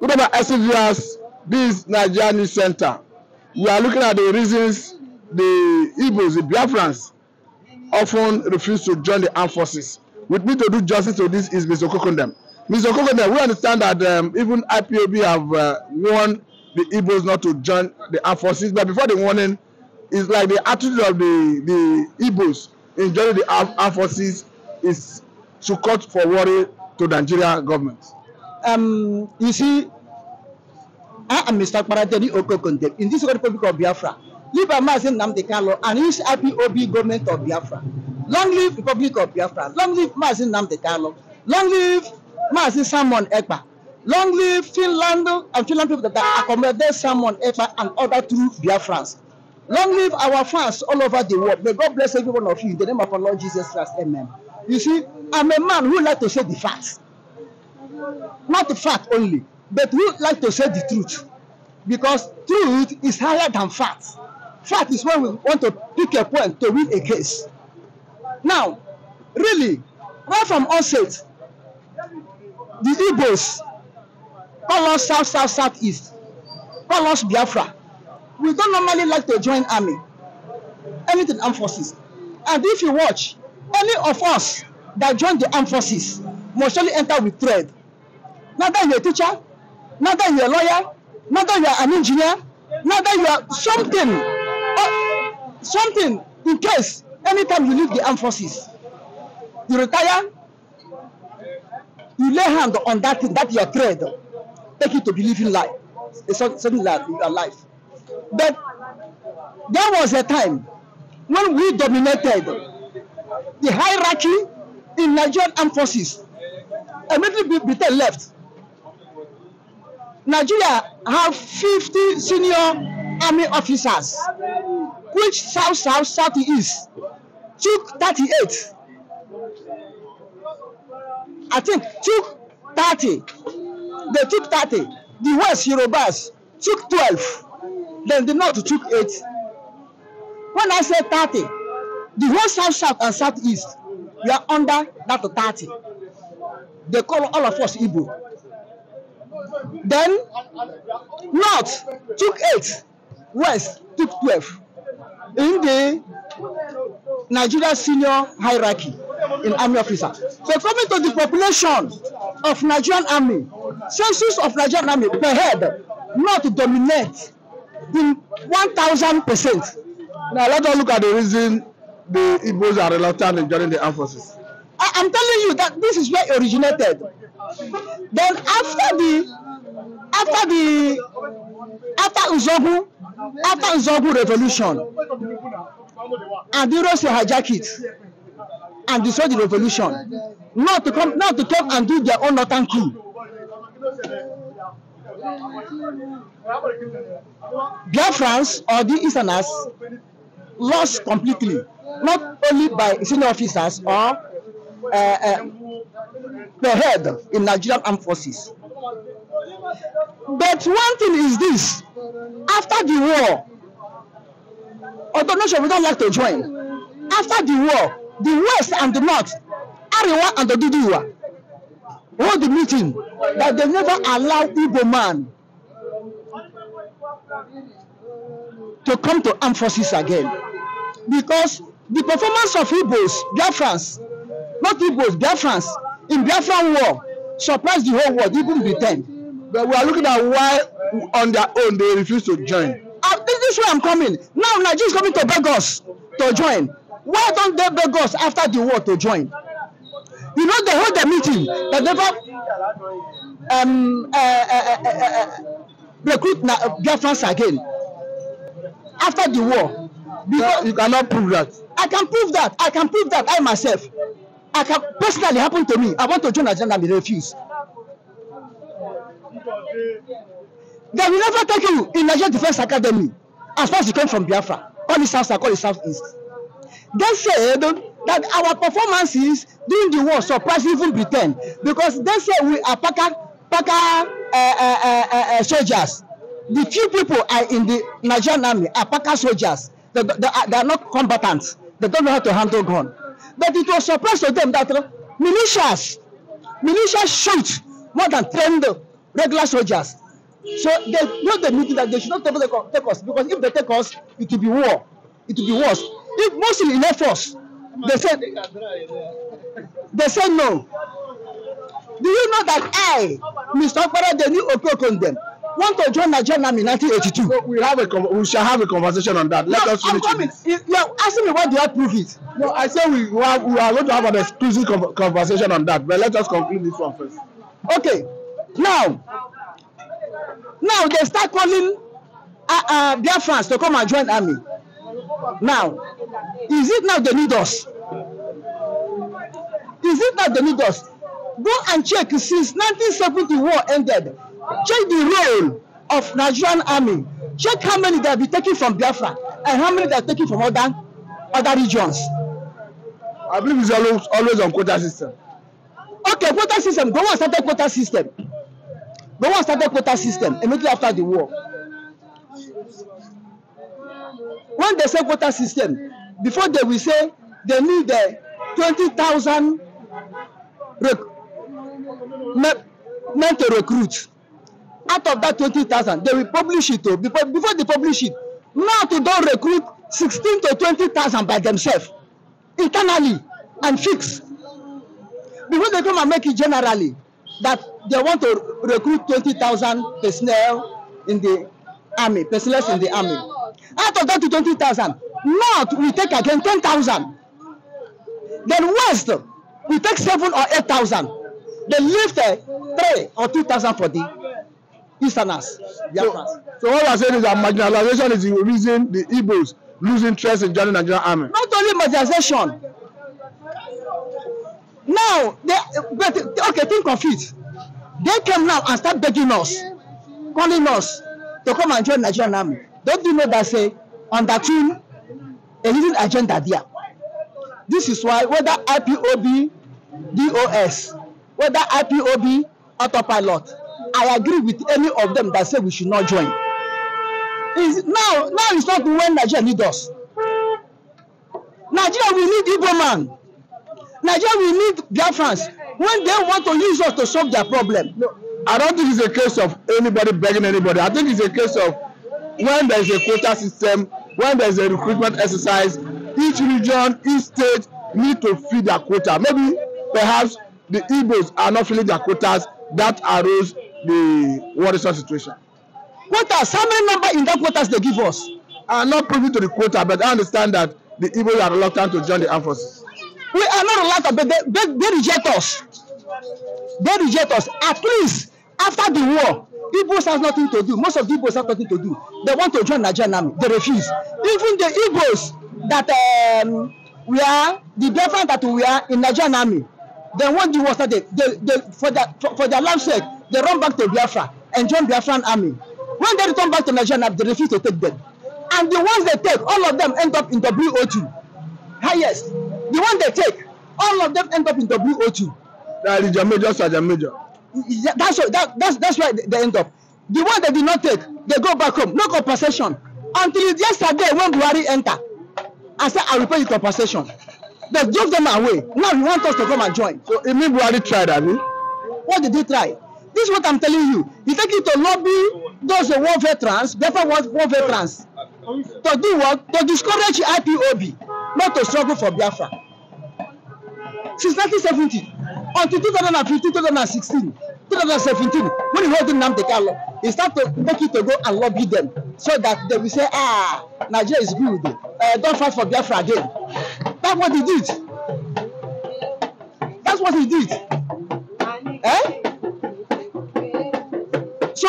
Whatever about this Nigerian Nigeria News Center. We are looking at the reasons the Igbos, the Biafrans, often refuse to join the armed forces. We need to do justice to this is Mr. Kokondem. Mr. Kokondem, we understand that um, even IPOB have uh, warned the Igbos not to join the armed forces, but before the warning, it's like the attitude of the, the Igbos in joining the armed forces is too cut for worry to the Nigerian government um, you see, I am Mr. Paradeni Okokonde in this Republic of Biafra. Live Amazin Namde Kano and his IPOB government of Biafra. Long live Republic of Biafra. Long live Mazin Namde Kano. Long live Mazin Salmon Ekpa. Long live Finland and Finland people that accommodate Salmon Ekpa and other true Biafrans. Long live our fans all over the world. May God bless every one of you in the name of our Lord Jesus Christ. Amen. You see, I'm a man who like to say the facts. Not the fact only, but we like to say the truth because truth is higher than fact. Fact is when we want to pick a point to win a case. Now, really, right from onset, the Igbos call us south, south, east, call us Biafra. We don't normally like to join army, anything armed forces. And if you watch, any of us that join the armed forces must surely enter with thread Now you're a teacher, now you're a lawyer, now you're an engineer, now that you are something, uh, something in case anytime you leave the armed forces, you retire, you lay hand on that thing, that your trade, take it to be living life, a certain life in your life. But there was a time when we dominated the hierarchy in Nigerian armed forces. Immediately Britain left. Nigeria have 50 senior army officers, which South, South, Southeast took 38. I think took 30. They took 30. The West Yorubas took 12. Then the North took 8. When I say 30, the whole South, South, and Southeast, we are under that 30. They call all of us Igbo. Then North took eight, West took twelve in the Nigeria senior hierarchy in army officer. So coming to the population of Nigerian army, census of Nigerian army per head North dominate in one thousand percent. Now let us look at the reason the Igbos are reluctant in joining the armed forces. I, am telling you that this is where it originated. Then after the after the after Nzogu after Nzogu revolution, and Andiros will hijack it and destroy the revolution. Not to come not to come and do their own northern coup. Biafrans or the Easterners lost completely, not only by senior officers or per uh, uh, head in Nigerian armed forces. But one thing is this, after the war, although nation we don't like to join, after the war, the West and the North, Ariwa and the Didiwa, hold the meeting that they never allow Igbo man to come to armed forces again. Because the performance of Igbos, Biafrans, Not Igbos, Biafrans. In Biafran war, surprised the whole world, even pretend. But we are looking at why on their own they refuse to join. Uh, this, this way I'm coming. Now Nigeria is coming to beg us to join. Why don't they beg us after the war to join? You know they hold the meeting, but never um, uh, uh, uh, uh, recruit na uh, Biafrans again after the war. Because, no, you cannot prove that. I can prove that. I can prove that I myself. I can personally happen to me. I want to join agenda and they refused. They will never take you in Nigerian Defense Academy as far as you come from Biafra. All the South South, all the Southeast. They said that our performances during the war surprised even Britain because they said we are Paka, Paka uh, uh, uh, uh, soldiers. The few people are in the Nigerian army are Paka soldiers. They, they, are, they are not combatants. They don't know how to handle gun. But it was surprise to them that militias, militias shoot more than 10 regular soldiers. So they know the meeting that they should not take us because if they take us, it will be war. It will be worse. If mostly left force, they said they said no. Do you know that I, Mr. Okpara, the new Okokonde, want to join Nigeria Army in 1982? So we have a we shall have a conversation on that. Let no, us finish. I'm coming. You're asking me what do I prove it? No, I say we, we, have, we are going to have an exclusive conversation on that, but let us conclude this one first. Okay, now, now they start calling uh, uh, Biafrans to come and join army. Now, is it now they need us? Is it now they need us? Go and check since 1970 war ended. Check the role of Nigerian army. Check how many they have been taken from Biafra and how many they are taken from other other regions. I believe it's always, always on quota system. Okay, quota system. Gowon started quota system. Gowon started quota system immediately after the war. When they say quota system, before they will say they need the 20,000 rec men, to recruit. Out of that 20,000, they will publish it. Oh, before, before they publish it, now to don't recruit 16 to 20,000 by themselves internally and fix. Before they come and make it generally, that they want to recruit 20,000 personnel in the army, personnel in the army. Out of that to 20,000, North we take again 10,000. Then West, we take 7 or 8,000. They leave uh, 3 or 2,000 for the Easterners. So, so what we are saying is that marginalization is the reason the Igbos lose interest in joining Nigerian army? Not only mobilization. Now, they, but okay, think of it. They came now and start begging us, calling us to come and join Nigerian army. Don't you know that say that undertune a hidden agenda there? This is why whether IPOB, DOS, whether IPOB, autopilot, I agree with any of them that say we should not join is now now is not the when Nigeria need us. Nigeria we need Igbo man. Nigeria we need Biafrans when they want to use us to solve their problem. No, I don't think it's a case of anybody begging anybody. I think it's a case of when there is a quota system, when there is a recruitment exercise, each region, each state need to fill their quota. Maybe perhaps the Igbos are not filling their quotas that arose the worrisome situation. Quotas, how many number in that quotas they give us? I am not privy to the quota, but I understand that the Igbo are reluctant to join the armed forces. We are not reluctant, but they, they, they reject us. They reject us. At least after the war, Igbo has nothing to do. Most of the Igbo have nothing to do. They want to join Nigerian army. They refuse. Even the Igbos that um, we are, the different that we are in Nigerian army, they want the war started. They, they, for, their, for, for their life sake, they run back to Biafra and join Biafran army. When they return back to Nigeria, they refuse to take them. And the ones they take, all of them end up in WO2. Highest. Ah, the one they take, all of them end up in WO2. That is Jamaica, sir, Jamaica. Yeah, that's, that, that's, that's why they end up. The one they did not take, they go back home. No compensation. Until yesterday, when Buhari enter, I said, I will pay you compensation. They drove them away. Now you want us to come and join. So, you mean Buhari tried, I What did he try? This is what I'm telling you. You take it to lobby those who want fair trans, therefore want, want trans. To do what? To discourage IPOB, not to struggle for Biafra. Since 1970 until 2015, 2016, 2017, when you hold Nnamdi Kanu, you start to make it to go and lobby them so that they will say, ah, Nigeria is good. Uh, don't fight for Biafra again. That's what he did. That's what he did. Eh? So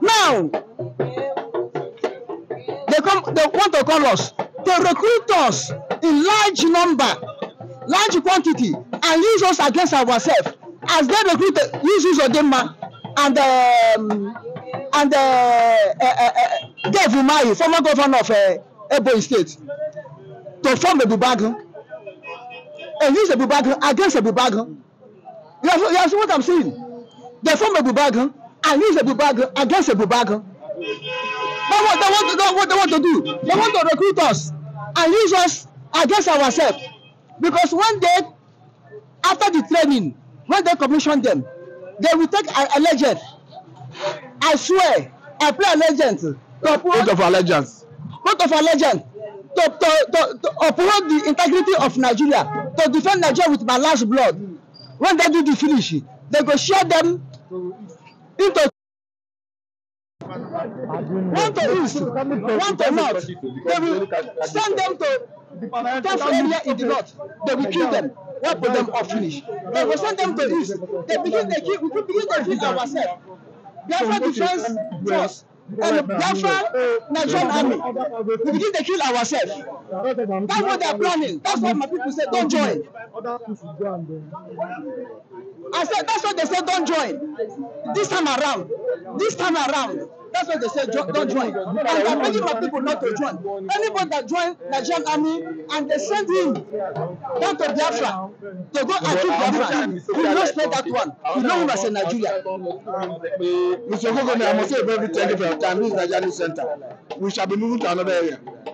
now they come they want to call us to recruit us in large number, large quantity, and use us against ourselves as they recruit use use Odema and um, and uh, uh, uh, uh, Dave Umahi, former governor of uh, State, to form a Bubagun and use a Bubagun against a Bubagun. You, you see what I'm saying? They form a Bubagun and he's a Bubagan against a Bubagan. That's what they want to, that's what they want to do. They want to recruit us and use us against ourselves. Because one day, after the training, when they commission them, they will take an allegiance. I swear, I play allegiance. Oath of allegiance. Oath of allegiance. To, to, to, to uphold the integrity of Nigeria, to defend Nigeria with my last blood. When they do the finish, they go share them into want to east want to north they will send them to tough area in the north they will kill them wipe them or finish they will send them to east they begin dey kill we begin dey kill ourselves biafra defence force and Biafra eh, Nigerian army. We begin to kill ourselves. That's what they're planning. That's what my people say, don't join. I said, that's what they said, don't join. This time around. This time around. That's why they say don't join. And there begging my people not to join. Anybody that joins Nigerian army and they send him down to Biafra to go and kill Biafra, you no respect that one. You know him as a Nigeria. Mr. Ogogome, I must say a very thank you for your time. This is Nigerian Center. We shall be moving to another area.